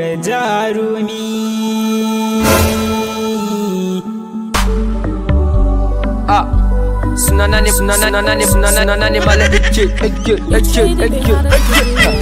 jarumi ah sunana ne sunana ne sunana ne mala ake ake ake ake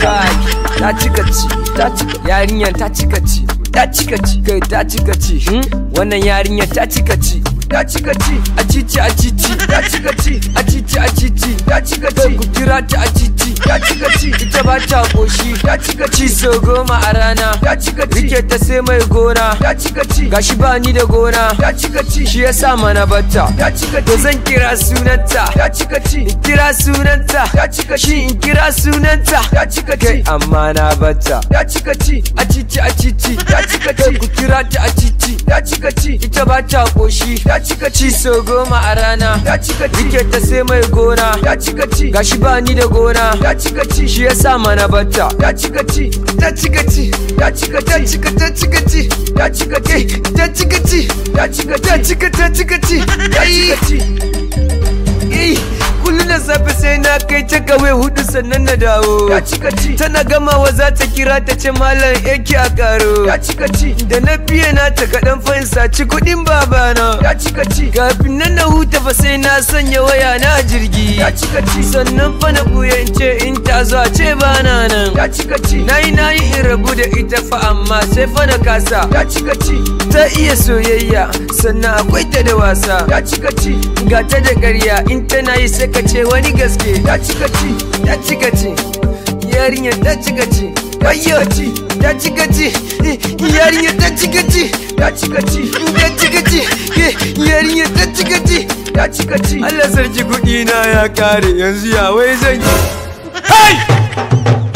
kai ta cika ci ta cika yarinyar ta cika ci ta cika ci kai ta cika ci hmm? wannan yarinyar ta cika ci ta cika ci a cici a cici ta cika ci a cici a cici ta cika ci ku kira ta cici ya ci gaci ita ba ta koshi ya ci gaci so goma a rana ya ci gaci rike ta sai mai gona ya ci gaci gashi ba ni da gona ya ci gaci shi sa mana batta ya ci gaci to zan kira sunanta ya ci gaci in kira sunanta ya ci gaci in kira sunanta ya ci gaci kai amma na batta ya ci gaci a cici a cici ya ci cika ku kira ta a titi ya ci ci ita ba ta koshi ya ci ci so goma a rana ya ci ci rike ta sai mai gona ya ci ci gashi ba ni da gona ya ci ci shi ya sa mana batta ya ci ta ci ta ya ci ta ci cika ta ci ta ya ci ta ci ta ya ci ta ci ta ta ci ta ya ci eh safe sai na kai ta gawe hudu sannan na dawo tana gamawa za ta kira ta ce malam yake a karo da na biya na ta kaɗan fahim saci kuɗin babana kafin nan na huta fa sai na sanya waya na jirgi sannan fa na buya in ta zo a ce bana nan na yi rabu da ita fa amma sai fa na kasa ta ci gaci ta iya soyayya sannan akwai ta da wasa ta ci gaci ga ta da ƙarya in tana yi sai ka ce wani gaske ta ci gaci ta ci gaci yarinya ta ci gaci ayyaci ta ci gaci yarinya ta ci gaci ta ci gaci ta ci gaci yarinya ta ci gaci ta ci gaci Allah sarki kuɗi na ya kare yanzu ya wai zan yi Hey!